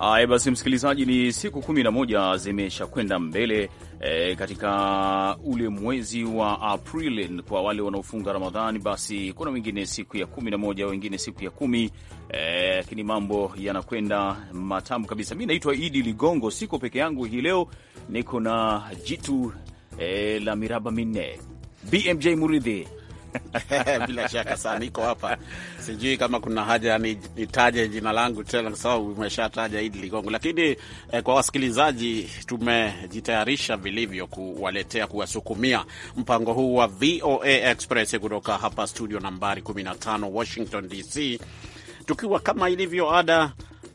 Haya basi, msikilizaji, ni siku kumi na moja zimeshakwenda mbele e, katika ule mwezi wa Aprili. Kwa wale wanaofunga Ramadhani, basi kuna wengine siku ya kumi na moja wengine siku ya kumi, e, lakini e, mambo yanakwenda matamu kabisa. Mi naitwa Idi Ligongo, siko peke yangu hii leo, niko na jitu e, la miraba minne BMJ Muridhi bila shaka sana niko hapa. Sijui kama kuna haja nitaje jina langu tena, kwa sababu umeshataja Idi Ligongo. Lakini eh, kwa wasikilizaji, tumejitayarisha vilivyo kuwaletea, kuwasukumia mpango huu wa VOA Express kutoka hapa studio nambari 15 Washington DC, tukiwa kama ilivyo ada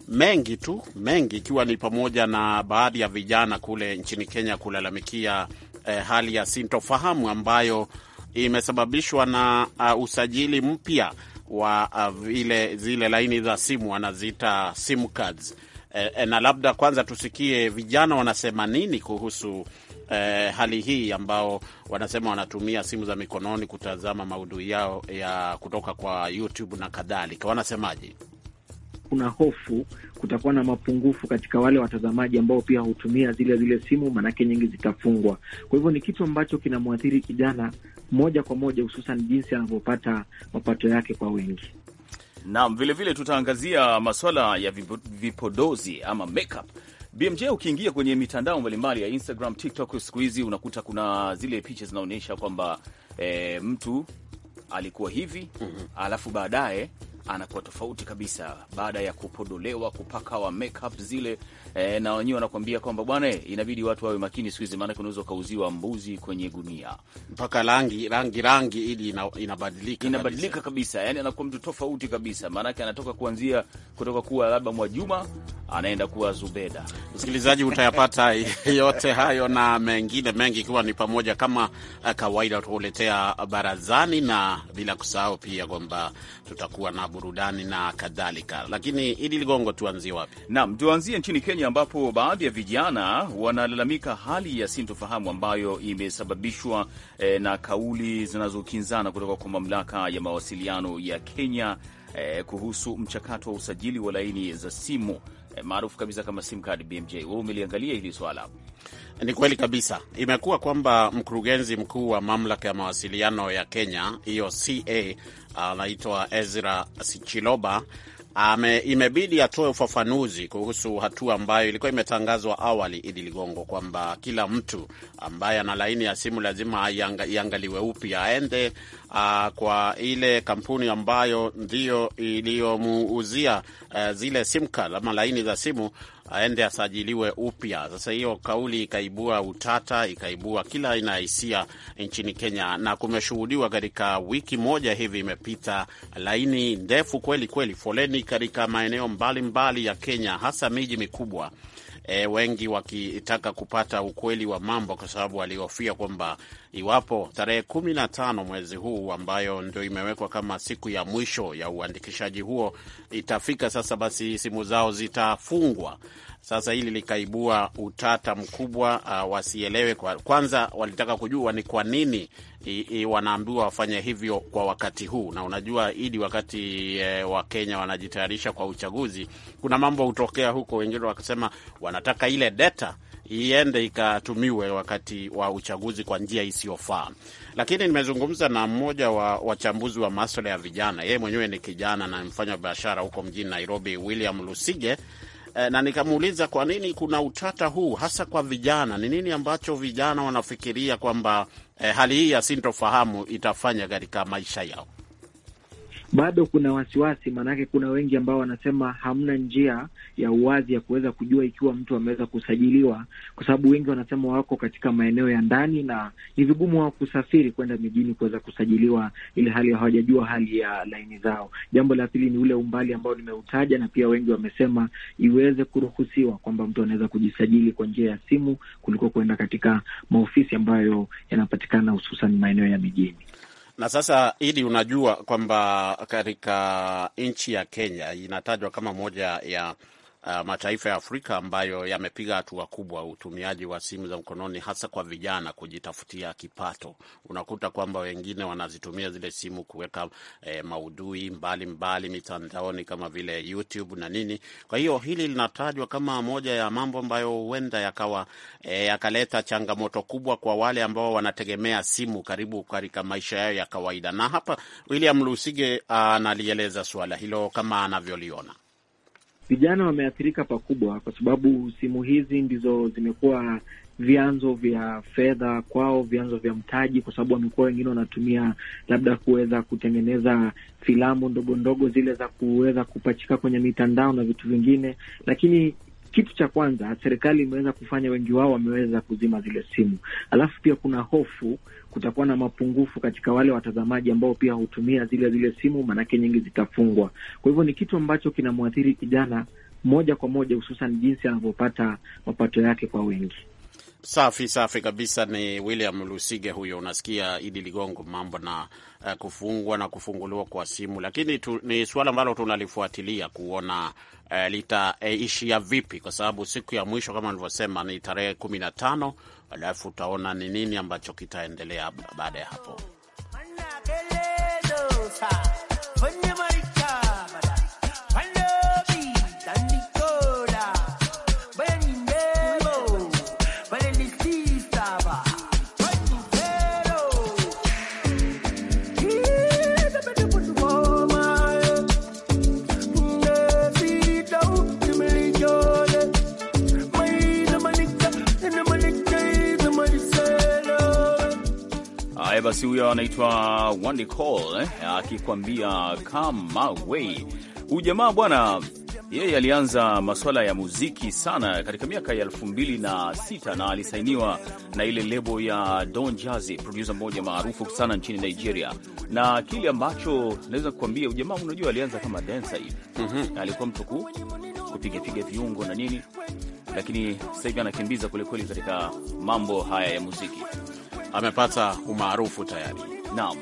mengi tu mengi, ikiwa ni pamoja na baadhi ya vijana kule nchini Kenya kulalamikia eh, hali ya sintofahamu ambayo imesababishwa na uh, usajili mpya wa uh, vile zile laini za simu wanaziita sim cards. Eh, eh, na labda kwanza tusikie vijana wanasema nini kuhusu e, hali hii ambao wanasema wanatumia simu za mikononi kutazama maudhui yao ya kutoka kwa YouTube na kadhalika. Wanasemaje? Kuna hofu kutakuwa na mapungufu katika wale watazamaji ambao pia hutumia zile zile simu, maanake nyingi zitafungwa. Kwa hivyo ni kitu ambacho kinamwathiri kijana moja kwa moja, hususan jinsi anavyopata mapato yake kwa wengi. Naam, vilevile tutaangazia maswala ya vipodozi ama makeup. BMJ, ukiingia kwenye mitandao mbalimbali ya Instagram, TikTok siku hizi unakuta kuna zile picha zinaonyesha kwamba e, mtu alikuwa hivi mm -hmm. alafu baadaye anakuwa tofauti kabisa baada ya kupodolewa, kupaka wa makeup zile e, na wenyewe wanakuambia kwamba bwana, inabidi watu wawe makini siku hizi, maanake unaweza ukauziwa mbuzi kwenye gunia mpaka rangi rangi rangi ili ina, inabadilika inabadilika kabisa, kabisa. Yani anakuwa mtu tofauti kabisa, maanake anatoka kuanzia kutoka kuwa labda Mwajuma anaenda kuwa Zubeda. Msikilizaji, utayapata yote hayo na mengine mengi, ikiwa ni pamoja kama eh, kawaida tukuletea barazani, na bila kusahau pia kwamba tutakuwa na burudani na kadhalika. Lakini Idi Ligongo, tuanzie wapi? Naam, tuanzie nchini Kenya ambapo baadhi ya vijana wanalalamika hali ya sintofahamu ambayo imesababishwa eh, na kauli zinazokinzana kutoka kwa mamlaka ya mawasiliano ya Kenya eh, kuhusu mchakato wa usajili wa laini za simu eh, maarufu kabisa kama sim card. BMJ, wewe umeliangalia hili swala? Ni kweli kabisa, imekuwa kwamba mkurugenzi mkuu wa mamlaka ya mawasiliano ya Kenya hiyo CA anaitwa uh, Ezra sichiloba ame, imebidi atoe ufafanuzi kuhusu hatua ambayo ilikuwa imetangazwa awali, Idi Ligongo, kwamba kila mtu ambaye ana laini ya simu lazima iangaliwe upya, aende uh, kwa ile kampuni ambayo ndiyo iliyomuuzia uh, zile simka ama laini za simu aende asajiliwe upya. Sasa hiyo kauli ikaibua utata, ikaibua kila aina ya hisia nchini Kenya, na kumeshuhudiwa katika wiki moja hivi imepita laini ndefu kweli kweli, foleni katika maeneo mbalimbali mbali ya Kenya, hasa miji mikubwa. E, wengi wakitaka kupata ukweli wa mambo kwa sababu walihofia kwamba iwapo tarehe kumi na tano mwezi huu ambayo ndio imewekwa kama siku ya mwisho ya uandikishaji huo itafika sasa, basi simu zao zitafungwa. Sasa hili likaibua utata mkubwa uh, wasielewe kwa, kwanza walitaka kujua ni kwa nini I, I, wanaambiwa wafanye hivyo kwa wakati huu. Na unajua Idi, wakati e, eh, Wakenya wanajitayarisha kwa uchaguzi, kuna mambo hutokea huko, wengine wakisema wanataka ile data iende ikatumiwe wakati wa uchaguzi kwa njia isiyofaa. Lakini nimezungumza na mmoja wa wachambuzi wa maswala ya vijana, yeye mwenyewe ni kijana na mfanya biashara huko mjini Nairobi, William Lusige, eh, na nikamuuliza kwa nini kuna utata huu hasa kwa vijana. Ni nini ambacho vijana wanafikiria kwamba eh, hali hii ya sintofahamu itafanya katika maisha yao? bado kuna wasiwasi, maanake kuna wengi ambao wanasema hamna njia ya uwazi ya kuweza kujua ikiwa mtu ameweza kusajiliwa, kwa sababu wengi wanasema wako katika maeneo ya ndani na ni vigumu wao kusafiri kwenda mijini kuweza kusajiliwa, ili hali hawajajua hali ya laini zao. Jambo la pili ni ule umbali ambao nimeutaja, na pia wengi wamesema iweze kuruhusiwa kwamba mtu anaweza kujisajili kwa njia ya simu kuliko kuenda katika maofisi ambayo yanapatikana hususan maeneo ya mijini. Na sasa ili unajua kwamba katika nchi ya Kenya inatajwa kama moja ya uh, mataifa ya Afrika ambayo yamepiga hatua kubwa utumiaji wa simu za mkononi, hasa kwa vijana kujitafutia kipato. Unakuta kwamba wengine wanazitumia zile simu kuweka eh, maudhui mbalimbali mitandaoni kama vile YouTube na nini. Kwa hiyo hili linatajwa kama moja ya mambo ambayo huenda yakawa eh, yakaleta changamoto kubwa kwa wale ambao wanategemea simu karibu katika maisha yao ya kawaida. Na hapa William Lusige ah, analieleza uh, suala hilo kama anavyoliona. Vijana wameathirika pakubwa, kwa sababu simu hizi ndizo zimekuwa vyanzo vya fedha kwao, vyanzo vya mtaji, kwa sababu wamekuwa wengine wanatumia labda kuweza kutengeneza filamu ndogo ndogo zile za kuweza kupachika kwenye mitandao na vitu vingine. Lakini kitu cha kwanza serikali imeweza kufanya, wengi wao wameweza kuzima zile simu, alafu pia kuna hofu kutakuwa na mapungufu katika wale watazamaji ambao pia hutumia zile zile simu, maanake nyingi zitafungwa. Kwa hivyo ni kitu ambacho kinamwathiri kijana moja kwa moja, hususan jinsi anavyopata mapato yake kwa wengi. Safi safi kabisa. Ni William Lusige huyo, unasikia Idi Ligongo, mambo na uh, kufungwa na kufunguliwa kwa simu, lakini tu, ni suala ambalo tunalifuatilia kuona uh, litaishia uh, vipi, kwa sababu siku ya mwisho kama nilivyosema ni tarehe kumi na tano alafu utaona ni nini ambacho kitaendelea baada ya hapo. huyo anaitwa Wandy Cole eh, akikwambia kama way. Ujamaa bwana, yeye alianza masuala ya muziki sana katika miaka ya elfu mbili na sita na alisainiwa na ile lebo ya Don Jazzy, produsa mmoja maarufu sana nchini Nigeria. Na kile ambacho naweza kukwambia ujamaa, unajua alianza kama dansa hivi mm -hmm. alikuwa mtu kupigapiga viungo na nini, lakini sasa hivi anakimbiza kwelikweli katika mambo haya ya muziki amepata umaarufu tayari. Naam.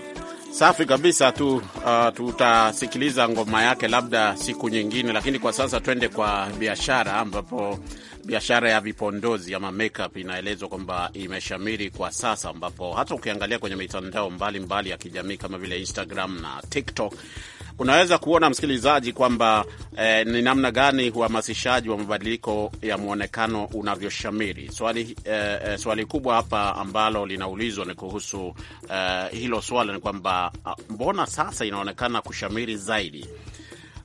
Safi kabisa tu, uh, tutasikiliza ngoma yake labda siku nyingine, lakini kwa sasa twende kwa biashara, ambapo biashara ya vipondozi ama makeup inaelezwa kwamba imeshamiri kwa sasa, ambapo hata ukiangalia kwenye mitandao mbalimbali mbali ya kijamii kama vile Instagram na TikTok unaweza kuona msikilizaji kwamba eh, ni namna gani uhamasishaji wa mabadiliko ya mwonekano unavyoshamiri. Swali, eh, eh swali kubwa hapa ambalo linaulizwa ni kuhusu eh, hilo swala ni kwamba ah, mbona sasa inaonekana kushamiri zaidi.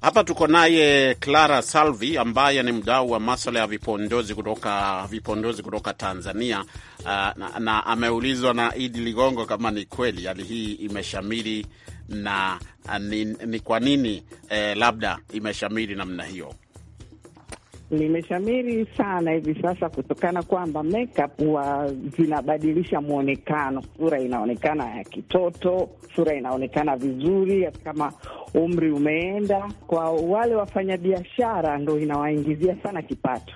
Hapa tuko naye Clara Salvi ambaye ni mdau wa maswala ya vipondozi kutoka vipondozi kutoka Tanzania. Uh, na, na ameulizwa na Idi Ligongo kama ni kweli hali hii imeshamiri na eh, ni kwa nini eh, labda imeshamiri namna hiyo? limeshamiri sana hivi sasa kutokana kwamba makeup huwa zinabadilisha mwonekano. Sura inaonekana ya kitoto, sura inaonekana vizuri hata kama umri umeenda. Kwa wale wafanyabiashara, ndo inawaingizia sana kipato.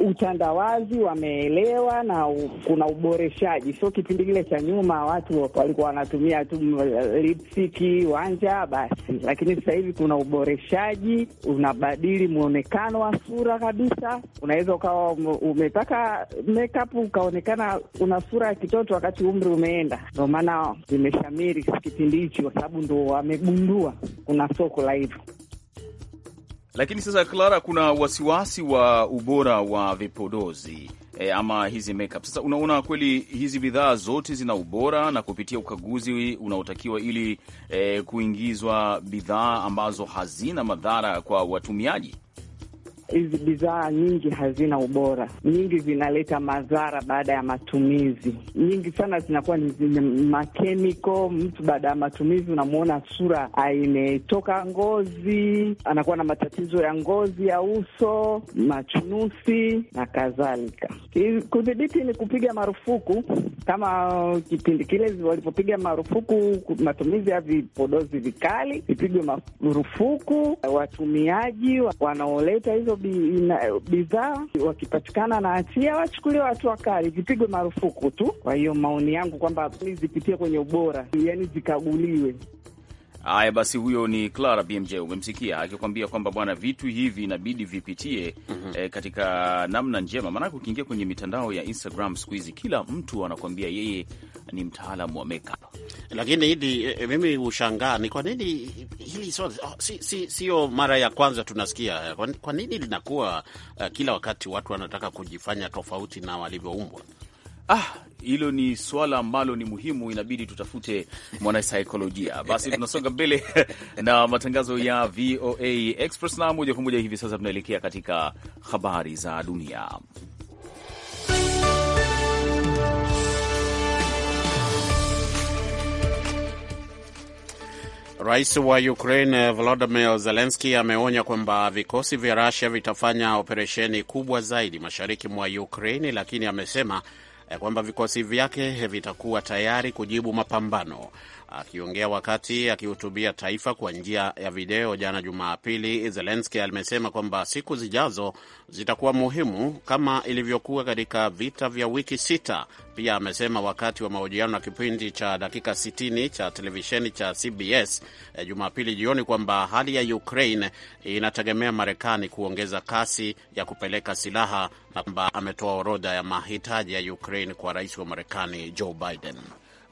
Utandawazi wameelewa na u, kuna uboreshaji, sio kipindi kile cha nyuma watu walikuwa wanatumia tu mm, lipsiki wanja basi, lakini sasa hivi kuna uboreshaji, unabadili mwonekano wa sura kabisa. Unaweza ukawa umepaka makeup ukaonekana una sura ya kitoto wakati umri umeenda. Ndio maana zimeshamiri kipindi hichi, kwa sababu ndo wamegundua kuna soko la hivyo. Lakini sasa, Clara, kuna wasiwasi wa ubora wa vipodozi e, ama hizi makeup. Sasa unaona kweli hizi bidhaa zote zina ubora na kupitia ukaguzi unaotakiwa ili e, kuingizwa bidhaa ambazo hazina madhara kwa watumiaji? hizi bidhaa nyingi hazina ubora, nyingi zinaleta madhara baada ya matumizi, nyingi sana zinakuwa ni makemiko. Mtu baada ya matumizi unamwona sura imetoka ngozi, anakuwa na matatizo ya ngozi ya uso, machunusi na kadhalika. Kudhibiti ni kupiga marufuku kama kipindi kile walipopiga marufuku matumizi ya vipodozi vikali, vipigwe marufuku, watumiaji wanaoleta hizo bidhaa wakipatikana na hatia wachukuliwa hatua kali, zipigwe marufuku tu. Kwa hiyo maoni yangu kwamba zipitie kwenye ubora, yani zikaguliwe. Haya basi, huyo ni Clara BMJ, umemsikia akikwambia kwamba bwana, vitu hivi inabidi vipitie mm -hmm. E, katika namna njema, maanake ukiingia kwenye mitandao ya Instagram siku hizi kila mtu anakwambia yeye ni mtaalamu wa makeup. Lakini hili e, e, mimi hushangaa ni kwa nini hili sio oh, si, si, siyo mara ya kwanza tunasikia. Kwa nini linakuwa uh, kila wakati watu wanataka kujifanya tofauti na walivyoumbwa? Ah, hilo ni swala ambalo ni muhimu, inabidi tutafute mwanasaikolojia. Basi tunasonga mbele na matangazo ya VOA Express, na moja kwa moja hivi sasa tunaelekea katika habari za dunia. Rais wa Ukraine Volodymyr zelenski ameonya kwamba vikosi vya rasia vitafanya operesheni kubwa zaidi mashariki mwa Ukraine, lakini amesema eh, kwamba vikosi vyake vitakuwa tayari kujibu mapambano. Akiongea wakati akihutubia taifa kwa njia ya video jana Jumapili, Zelenski amesema kwamba siku zijazo zitakuwa muhimu kama ilivyokuwa katika vita vya wiki sita. Pia amesema wakati wa mahojiano na kipindi cha dakika 60 cha televisheni cha CBS e, Jumapili jioni kwamba hali ya Ukraine inategemea Marekani kuongeza kasi ya kupeleka silaha na kwamba ametoa orodha ya mahitaji ya Ukraine kwa rais wa Marekani Joe Biden.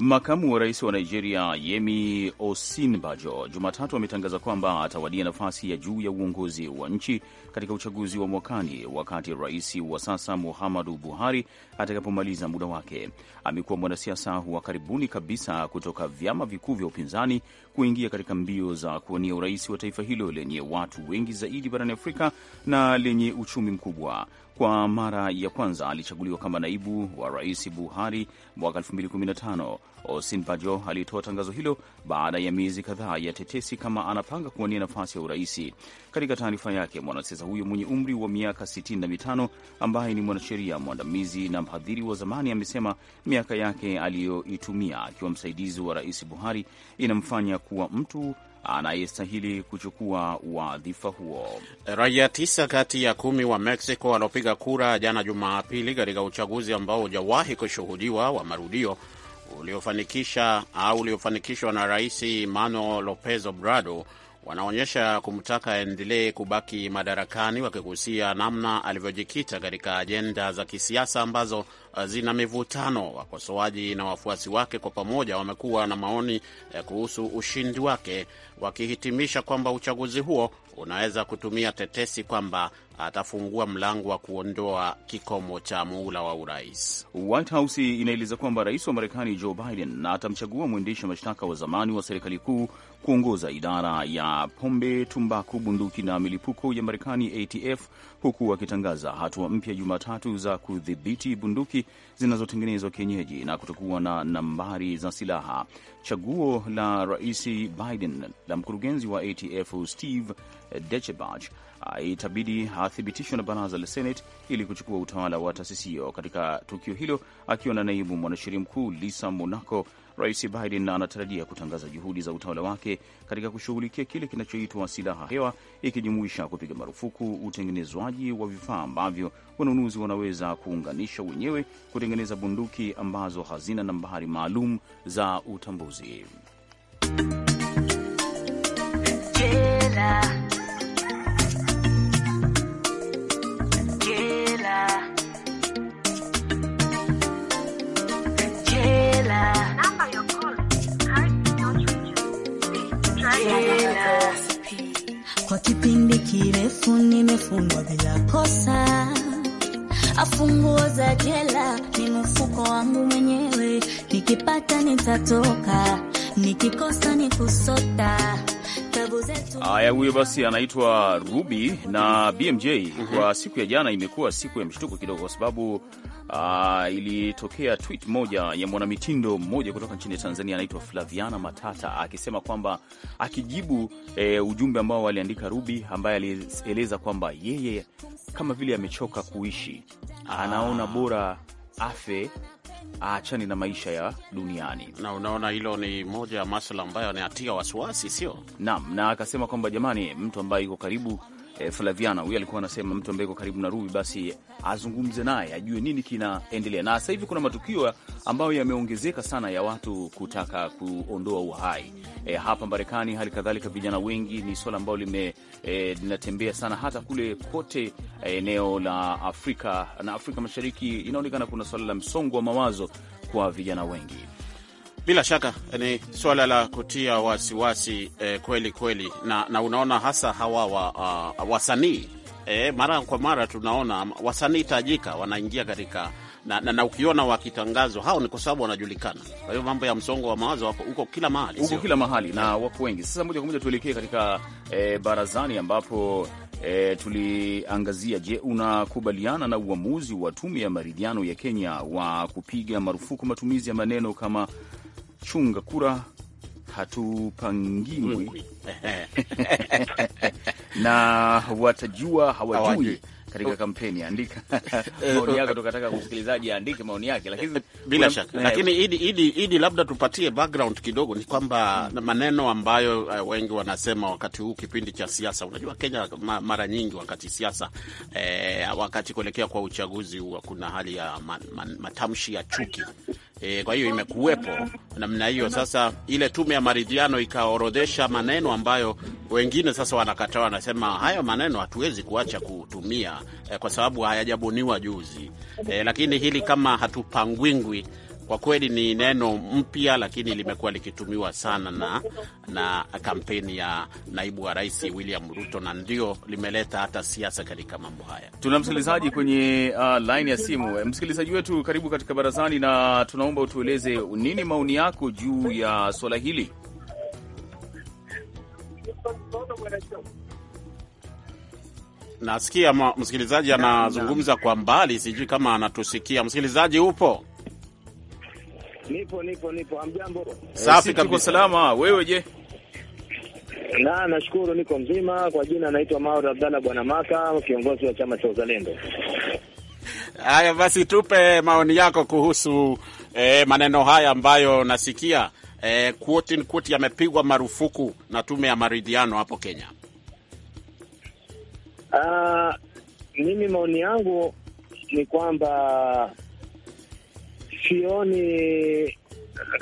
Makamu wa rais wa Nigeria Yemi Osinbajo Jumatatu ametangaza kwamba atawania nafasi ya juu ya uongozi wa nchi katika uchaguzi wa mwakani, wakati rais wa sasa Muhammadu Buhari atakapomaliza muda wake. Amekuwa mwanasiasa wa karibuni kabisa kutoka vyama vikuu vya upinzani kuingia katika mbio za kuwania urais wa taifa hilo lenye watu wengi zaidi barani Afrika na lenye uchumi mkubwa. Kwa mara ya kwanza alichaguliwa kama naibu wa rais Buhari mwaka 2015. Osinbajo alitoa tangazo hilo baada ya miezi kadhaa ya tetesi kama anapanga kuwania nafasi ya uraisi. Katika taarifa yake, mwanasiasa huyo mwenye umri wa miaka 65 ambaye ni mwanasheria mwandamizi na mhadhiri wa zamani amesema miaka yake aliyoitumia akiwa msaidizi wa Rais Buhari inamfanya kuwa mtu anayestahili kuchukua wadhifa huo. Raia tisa kati ya kumi wa Mexico waliopiga kura jana Jumapili katika uchaguzi ambao hujawahi kushuhudiwa wa marudio uliofanikisha au uliofanikishwa na Rais Manuel Lopez Obrador wanaonyesha kumtaka aendelee kubaki madarakani, wakigusia namna alivyojikita katika ajenda za kisiasa ambazo uh, zina mivutano. Wakosoaji na wafuasi wake kwa pamoja wamekuwa na maoni uh, kuhusu ushindi wake, wakihitimisha kwamba uchaguzi huo unaweza kutumia tetesi kwamba atafungua mlango wa kuondoa kikomo cha muhula wa urais. White House inaeleza kwamba rais wa Marekani Joe Biden na atamchagua mwendesha mashtaka wa zamani wa serikali kuu kuongoza idara ya pombe, tumbaku, bunduki na milipuko ya Marekani, ATF, huku wakitangaza hatua mpya Jumatatu za kudhibiti bunduki zinazotengenezwa kienyeji na kutokuwa na nambari za silaha. Chaguo la Rais Biden la mkurugenzi wa ATF Steve Dechebach itabidi athibitishwe na baraza la Senate ili kuchukua utawala wa taasisi hiyo. Katika tukio hilo, akiwa na naibu mwanasheria mkuu Lisa Monaco Rais Biden anatarajia kutangaza juhudi za utawala wake katika kushughulikia kile kinachoitwa silaha hewa, ikijumuisha kupiga marufuku utengenezwaji wa vifaa ambavyo wanunuzi wanaweza kuunganisha wenyewe, kutengeneza bunduki ambazo hazina nambari maalum za utambuzi Jela. kirefu nimefungwa bila kosa, afunguo za jela ni mfuko wangu mwenyewe, nikipata nitatoka, nikikosa ni kusota Haya, huyo basi anaitwa Ruby na BMJ. mm -hmm. Kwa siku ya jana imekuwa siku ya mshtuko kidogo, kwa sababu uh, ilitokea tweet moja ya mwanamitindo mmoja kutoka nchini Tanzania anaitwa Flaviana Matata akisema kwamba akijibu eh, ujumbe ambao aliandika Ruby ambaye alieleza kwamba yeye kama vile amechoka kuishi, anaona ah. bora afe aachani na maisha ya duniani. Na unaona hilo ni moja ya masuala ambayo anayatia wasiwasi, sio? Naam, na akasema kwamba jamani, mtu ambaye yuko karibu Eh, Flaviana huyu alikuwa anasema mtu ambaye iko karibu na Ruby basi azungumze naye ajue nini kinaendelea. Na sasa hivi kuna matukio ambayo yameongezeka sana ya watu kutaka kuondoa uhai e, hapa Marekani, hali kadhalika vijana wengi, ni swala ambalo lime e, linatembea sana hata kule kote eneo la Afrika na Afrika Mashariki. Inaonekana kuna swala la msongo wa mawazo kwa vijana wengi. Bila shaka ni swala la kutia wasiwasi eh, kweli kweli, na, na unaona hasa hawa wa, uh, wasanii eh, mara kwa mara tunaona wasanii tajika wanaingia katika na, na, na ukiona wakitangazwa hao ni kwa sababu wanajulikana. Kwa hiyo mambo ya msongo wa mawazo wako huko kila mahali, huko kila mahali na eh. wapo wengi. Sasa moja kwa moja tuelekee katika eh, barazani ambapo E, tuliangazia je, unakubaliana na uamuzi wa tume ya maridhiano ya Kenya wa kupiga marufuku matumizi ya maneno kama chunga kura hatupangiwi mm. na watajua hawajui katika kampeni andika maoni yako. Tukataka msikilizaji aandike maoni yake, lakini bila shaka. Lakini eh. Idi, Idi, Idi, labda tupatie background kidogo, ni kwamba mm, maneno ambayo uh, wengi wanasema wakati huu kipindi cha siasa. Unajua Kenya ma, mara nyingi wakati siasa eh, wakati kuelekea kwa uchaguzi huwa kuna hali ya man, ma, matamshi ya chuki E, kwa hiyo imekuwepo namna hiyo. Sasa ile tume ya maridhiano ikaorodhesha maneno ambayo wengine sasa wanakataa, wanasema hayo maneno hatuwezi kuacha kutumia e, kwa sababu hayajabuniwa juzi e, lakini hili kama hatupangwingwi kwa kweli ni neno mpya, lakini limekuwa likitumiwa sana na, na kampeni ya naibu wa rais William Ruto, na ndio limeleta hata siasa katika mambo haya. Tuna msikilizaji kwenye uh, line ya simu. Eh, msikilizaji wetu, karibu katika barazani, na tunaomba utueleze nini maoni yako juu ya swala hili. Nasikia msikilizaji anazungumza kwa mbali, sijui kama anatusikia. Msikilizaji upo? Nipo, nipo, nipo. Amjambo? Safi kabisa. Salama. Wewe je? Na nashukuru niko mzima. Kwa jina naitwa Maur Abdalla Bwana Maka, kiongozi wa chama cha Uzalendo. Haya basi, tupe maoni yako kuhusu eh, maneno haya ambayo nasikia eh, quote in quote yamepigwa marufuku na tume ya maridhiano hapo Kenya. Uh, mimi maoni yangu ni kwamba sioni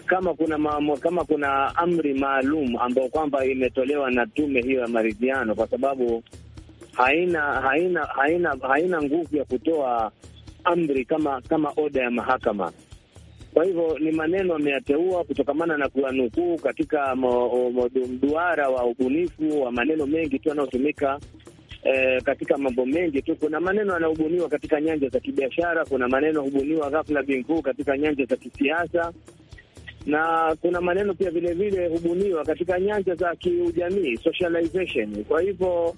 kama kuna maamo, kama kuna amri maalum ambayo kwamba imetolewa na tume hiyo ya maridhiano, kwa sababu haina haina haina haina nguvu ya kutoa amri kama kama oda ya mahakama. Kwa hivyo ni maneno ameyateua kutokamana na nukuu katika mduara wa ubunifu wa maneno mengi tu yanayotumika eh, katika mambo mengi tu. Kuna maneno yanahubuniwa katika nyanja za kibiashara, kuna maneno hubuniwa ghafla binguu katika nyanja za kisiasa na kuna maneno pia vilevile hubuniwa katika nyanja za kiujamii socialization. Kwa hivyo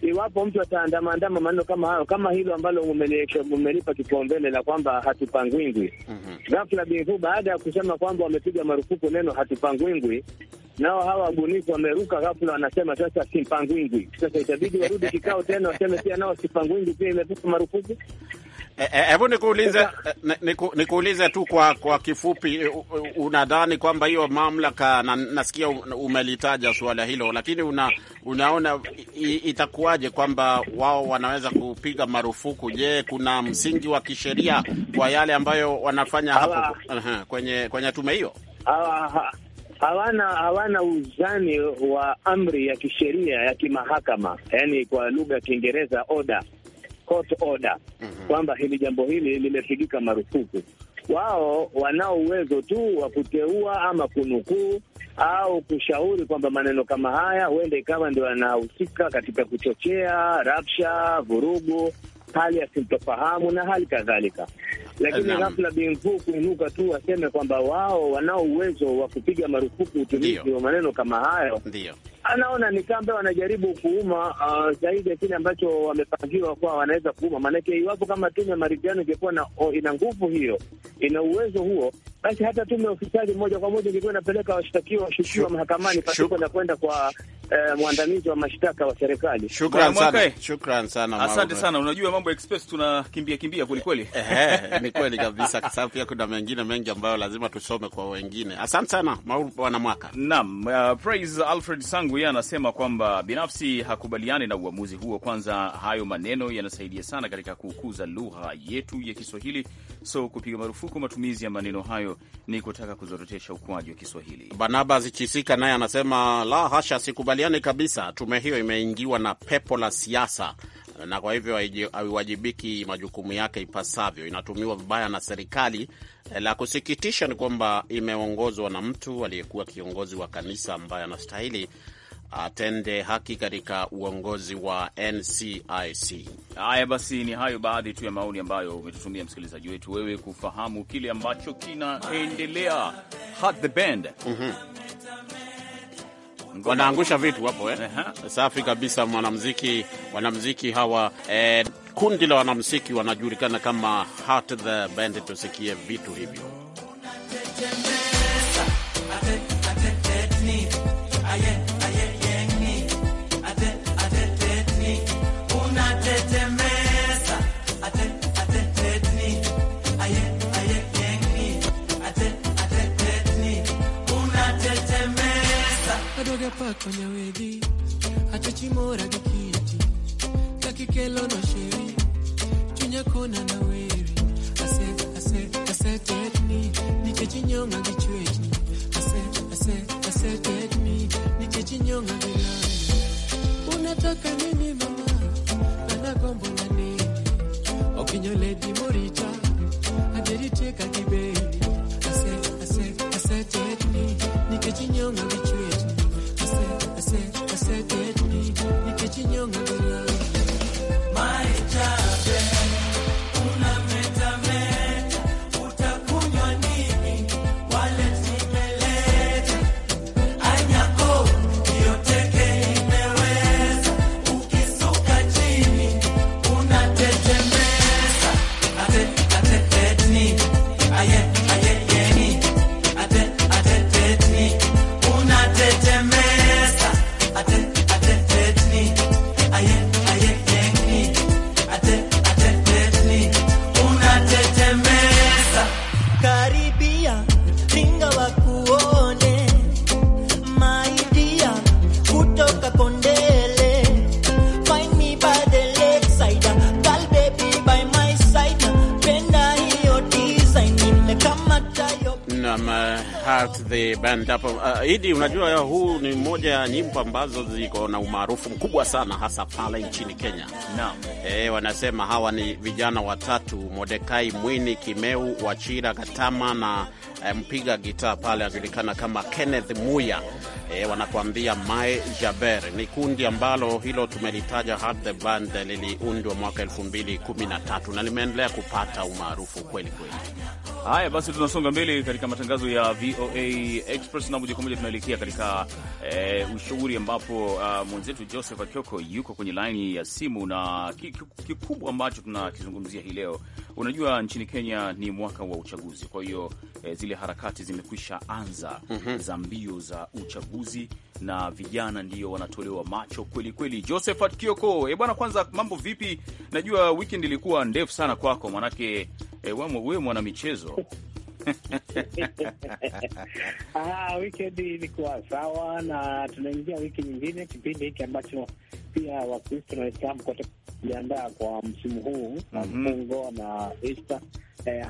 iwapo mtu ataandamaandama maneno kama hayo, kama hilo ambalo mmelipa kipaumbele la kwamba hatupangwingwi mhm. ghafla, mm -hmm. bingu baada ya kusema kwamba wamepiga marufuku neno hatupangwingwi, nao hawa wabunifu wameruka ghafla, wanasema sasa Simpangwingwi. Sasa itabidi warudi kikao tena, waseme pia nao Simpangwingwi pia imepigwa marufuku. Eh, eh, hebu nikuulize eh, nikuulize tu kwa kwa kifupi, unadhani kwamba hiyo mamlaka na, nasikia umelitaja suala hilo, lakini una, unaona itakuwaje kwamba wao wanaweza kupiga marufuku? Je, kuna msingi wa kisheria kwa yale ambayo wanafanya hapo kwenye kwenye tume hiyo? hawana hawana uzani wa amri ya kisheria ya kimahakama, yaani kwa lugha ya Kiingereza order, court order, mhm. kwamba hili jambo hili limepigika marufuku. Wao wanao uwezo tu wa kuteua ama kunukuu au kushauri kwamba maneno kama haya huenda ikawa ndio yanahusika katika kuchochea rabsha, vurugu, hali ya sintofahamu na hali kadhalika lakini ghafla binfu kuinuka tu waseme kwamba wao wanao uwezo wa kupiga marufuku utumizi wa maneno kama hayo. Ndio anaona ni kamba wanajaribu kuuma uh, zaidi ya kile ambacho wamepangiwa kuwa wanaweza kuuma. Maanake iwapo kama tume ya maridhiano ingekuwa oh, ina nguvu hiyo, ina uwezo huo, basi hata tume ofisali moja kwa moja ilikuwa inapeleka washtakiwa washukiwa mahakamani pasipo na kwenda kwa eh, mwandamizi wa mashtaka wa serikali. Shukrani sana, shukrani sana, asante sana. Unajua mambo express tunakimbia kimbia kweli kweli. Ehe, ni kweli kabisa, kwa sababu pia kuna mengine mengi ambayo lazima tusome kwa wengine. Asante sana Mauru bwana Mwaka. Naam, uh, Praise Alfred Sangu yeye anasema kwamba binafsi hakubaliani na uamuzi huo. Kwanza hayo maneno yanasaidia sana katika kukuza lugha yetu ya Kiswahili, so kupiga marufuku matumizi ya maneno hayo ni kutaka kuzorotesha ukuaji wa Kiswahili. Barnabas Chisika naye anasema la hasha, sikubaliani kabisa. Tume hiyo imeingiwa na pepo la siasa na kwa hivyo haiwajibiki majukumu yake ipasavyo, inatumiwa vibaya na serikali. La kusikitisha ni kwamba imeongozwa na mtu aliyekuwa kiongozi wa kanisa ambaye anastahili atende haki katika uongozi wa NCIC. Haya basi, ni hayo baadhi tu ya maoni ambayo umetutumia msikilizaji wetu wewe kufahamu kile ambacho kinaendelea. Hot the band mm -hmm. wanaangusha vitu hapo eh? uh -huh. Safi kabisa, mwanamziki wanamziki hawa eh, kundi la wanamziki wanajulikana kama Hot the Band. Tusikie vitu hivyo. band hapo uh, Idi, unajua huu ni moja ya nyimbo ambazo ziko na umaarufu mkubwa sana hasa pale nchini Kenya. Naam. Eh, wanasema hawa ni vijana watatu Modekai Mwini, Kimeu Wachira Katama na eh, mpiga gitaa pale anajulikana kama Kenneth Muya e, wanakuambia Mae Jaber. Ni kundi ambalo hilo tumelitaja Heart the Band liliundwa mwaka 2013 na limeendelea kupata umaarufu kweli kweli. Haya basi, tunasonga mbele katika matangazo ya VOA Express na moja kwa moja tunaelekea katika e, ushauri ambapo uh, mwenzetu Joseph Akioko yuko kwenye laini ya simu na kikubwa ambacho tunakizungumzia hii leo Unajua, nchini Kenya ni mwaka wa uchaguzi, kwa hiyo e, zile harakati zimekwisha anza mm -hmm. za mbio za uchaguzi na vijana ndio wanatolewa macho kweli kweli. Josephat Kioko, e bwana, kwanza mambo vipi? Najua weekend ilikuwa ndefu sana kwako, manake e, eh, wewe mwanamichezo Ah, wikendi ilikuwa sawa, na tunaingia wiki nyingine, kipindi hiki ambacho pia Wakristo na Waislamu kote kujiandaa kwa msimu huu na mfungo mhm. na Ista. Eh,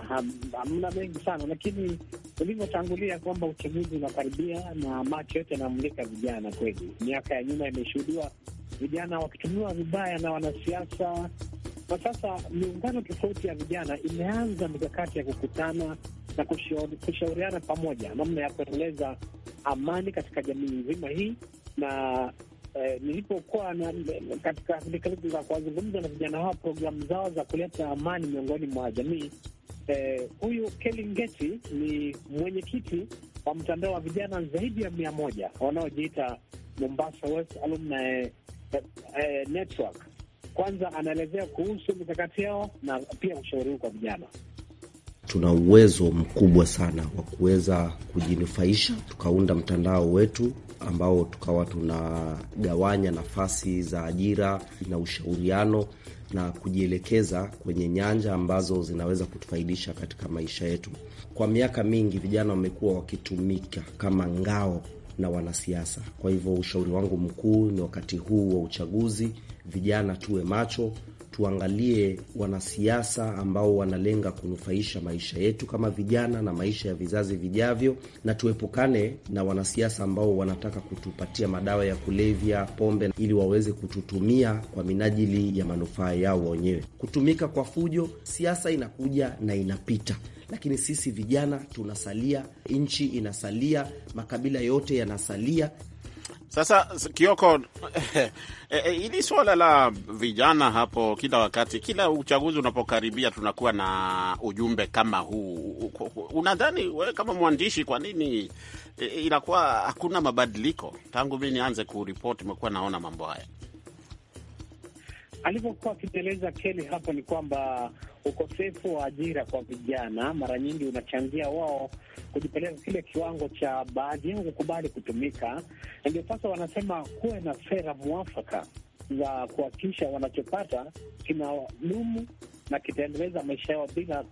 hamna mengi sana lakini ulivyotangulia kwamba uchaguzi unakaribia na macho yote yanamulika vijana. Kweli miaka ya nyuma imeshuhudiwa vijana wakitumiwa vibaya na wanasiasa, kwa sasa miungano tofauti ya vijana imeanza mikakati ya kukutana na kushauriana pamoja namna ya kuendeleza amani katika jamii nzima hii na Eh, nilipokuwa katika halikaliku za kuwazungumza na vijana hao programu zao za kuleta amani miongoni mwa jamii. Eh, huyu Kelly Ngeti ni mwenyekiti wa mtandao wa vijana zaidi ya mia moja wanaojiita Mombasa West Alumni eh, eh, Network. Kwanza anaelezea kuhusu mikakati yao na pia ushauri huu kwa vijana. Tuna uwezo mkubwa sana wa kuweza kujinufaisha, tukaunda mtandao wetu ambao tukawa tunagawanya nafasi za ajira na ushauriano na kujielekeza kwenye nyanja ambazo zinaweza kutufaidisha katika maisha yetu. Kwa miaka mingi vijana wamekuwa wakitumika kama ngao na wanasiasa. Kwa hivyo ushauri wangu mkuu ni wakati huu wa uchaguzi vijana tuwe macho, tuangalie wanasiasa ambao wanalenga kunufaisha maisha yetu kama vijana na maisha ya vizazi vijavyo, na tuepukane na wanasiasa ambao wanataka kutupatia madawa ya kulevya, pombe, ili waweze kututumia kwa minajili ya manufaa yao wenyewe. Kutumika kwa fujo, siasa inakuja na inapita, lakini sisi vijana tunasalia, nchi inasalia, makabila yote yanasalia. Sasa Kioko, eh, eh, hili swala la vijana hapo, kila wakati, kila uchaguzi unapokaribia, tunakuwa na ujumbe kama huu. Unadhani wewe kama mwandishi, kwa nini eh, inakuwa hakuna mabadiliko? Tangu mi nianze kuripoti, umekuwa naona mambo haya alivyokuwa akieleza Keli hapo ni kwamba ukosefu wa ajira kwa vijana mara nyingi unachangia wao kujipeleka kile kiwango cha baadhi yao kukubali kutumika, na ndio sasa wanasema kuwe na sera mwafaka za kuhakikisha wanachopata kinadumu na kitaendeleza maisha yao bila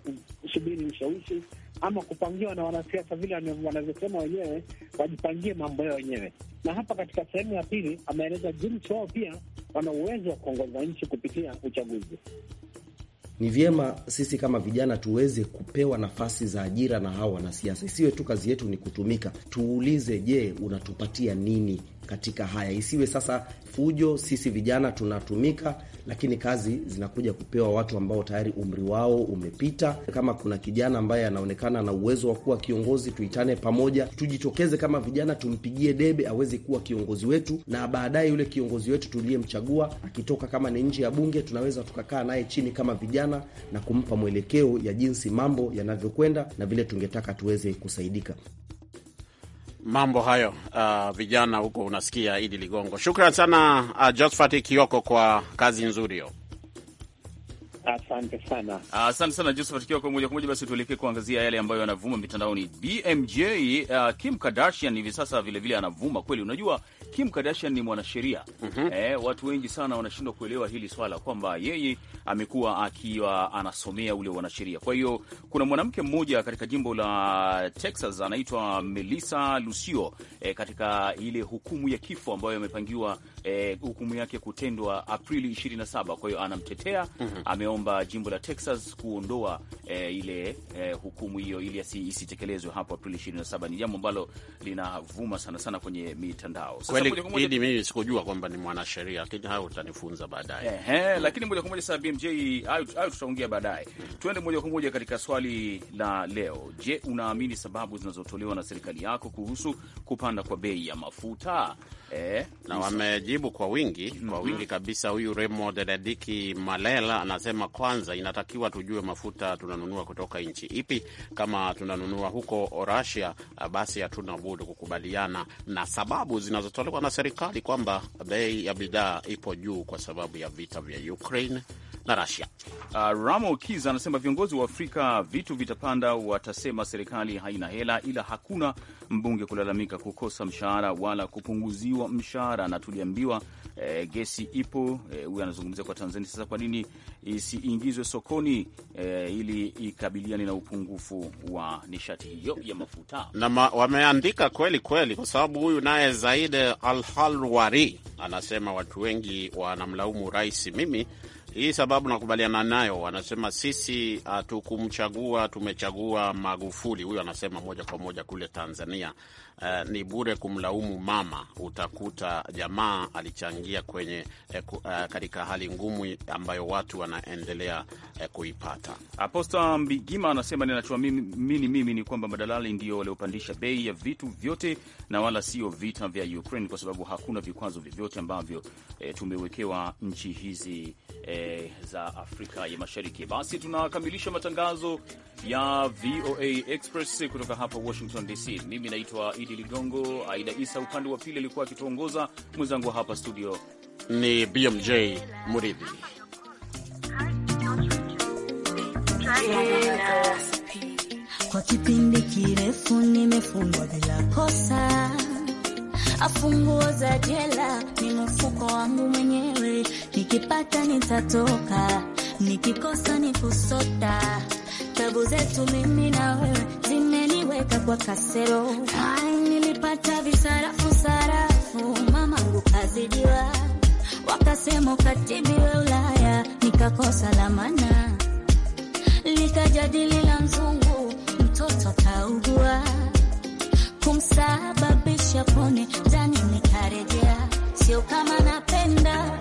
kusubiri ushawishi ama kupangiwa na wanasiasa vile wanavyosema wenyewe, wajipangie mambo yao wenyewe. Na hapa katika sehemu ya pili ameeleza jinsi wao pia wana uwezo wa kuongoza nchi kupitia uchaguzi. Ni vyema sisi kama vijana tuweze kupewa nafasi za ajira na hawa wanasiasa. Isiwe tu kazi yetu ni kutumika, tuulize, je, unatupatia nini? katika haya. Isiwe sasa fujo, sisi vijana tunatumika, lakini kazi zinakuja kupewa watu ambao tayari umri wao umepita. Kama kuna kijana ambaye anaonekana na uwezo wa kuwa kiongozi, tuitane pamoja, tujitokeze kama vijana, tumpigie debe aweze kuwa kiongozi wetu, na baadaye yule kiongozi wetu tuliyemchagua akitoka, kama ni nje ya bunge, tunaweza tukakaa naye chini kama vijana na kumpa mwelekeo ya jinsi mambo yanavyokwenda na vile tungetaka tuweze kusaidika. Mambo hayo uh, vijana huko unasikia. Idi Ligongo, shukran sana uh, Josphat Kioko kwa kazi nzuri hiyo. Asante sana, asante sana Josephat Kioko. Moja kwa moja basi tuelekee kuangazia yale ambayo yanavuma mitandaoni. BMJ uh, Kim Kardashian hivi sasa vilevile anavuma kweli. Unajua Kim Kardashian ni mwanasheria mm -hmm. Eh, watu wengi sana wanashindwa kuelewa hili swala kwamba yeye amekuwa akiwa anasomea ule wanasheria. Kwa hiyo kuna mwanamke mmoja katika jimbo la Texas anaitwa Melissa Lucio eh, katika ile hukumu ya kifo ambayo amepangiwa eh, hukumu yake kutendwa Aprili 27. Kwa hiyo anamtetea mm -hmm. ame ameomba jimbo la Texas kuondoa eh, ile eh, hukumu hiyo ili isitekelezwe hapo Aprili 27. Ni jambo ambalo linavuma sana sana kwenye mitandao. Kweli mimi sikujua kwamba ni mwanasheria, lakini hayo utanifunza baadaye. Eh, eh, mm. Lakini moja kwa moja sasa BMJ, hayo tutaongea baadaye. mm. Tuende moja kwa moja katika swali la leo. Je, unaamini sababu zinazotolewa na serikali yako kuhusu kupanda kwa bei ya mafuta? Eh, na wamejibu kwa wingi, kwa mhm. wingi kabisa. Huyu Remo Dedadiki Malela anasema lazima kwanza inatakiwa tujue mafuta tunanunua kutoka nchi ipi. Kama tunanunua huko Rasia, basi hatuna budi kukubaliana na sababu zinazotolewa na serikali kwamba bei ya bidhaa ipo juu kwa sababu ya vita vya Ukraine na Russia. Uh, Ramo kiz anasema viongozi wa Afrika vitu vitapanda, watasema serikali haina hela, ila hakuna mbunge kulalamika kukosa mshahara wala kupunguziwa mshahara, na tuliambiwa eh, gesi ipo. huyo eh, anazungumzia kwa Tanzania. Sasa kwa nini isiingizwe sokoni eh, ili ikabiliane na upungufu wa nishati hiyo ya mafuta? Na ma, wameandika kweli kweli, kwa sababu huyu naye Zaid Alhalwari anasema watu wengi wanamlaumu rais, mimi hii sababu nakubaliana nayo, wanasema sisi hatukumchagua, tumechagua Magufuli. Huyo anasema moja kwa moja kule Tanzania uh, ni bure kumlaumu mama. Utakuta jamaa alichangia kwenye uh, katika hali ngumu ambayo watu wanaendelea uh, kuipata. Aposta Mbigima anasema ninachoamini mimi ni kwamba madalali ndio waliopandisha bei ya vitu vyote na wala sio vita vya Ukraine, kwa sababu hakuna vikwazo vyovyote ambavyo eh, tumewekewa nchi hizi eh, za Afrika ya Mashariki. Basi tunakamilisha matangazo ya VOA Express kutoka hapa Washington DC. Mimi naitwa Idi Ligongo, Aida Isa upande wa pili alikuwa akituongoza, mwenzangu hapa studio ni BMJ Muridhi. Kwa kipindi kirefu nimefungwa bila kosa, afunguo za jela ni mfuko wangu mwenyewe, nikipata nitatoka, nikikosa ni kusota. Tabu zetu mimi na wewe zimeniweka kwa kasero. Kuniita visarafu sarafu, mama ngu kazidiwa, wakasema ukatibiwe Ulaya, nikakosa la mana, likajadili la mzungu, mtoto kaugua, kumsababisha pone ndani, nikarejea sio kama napenda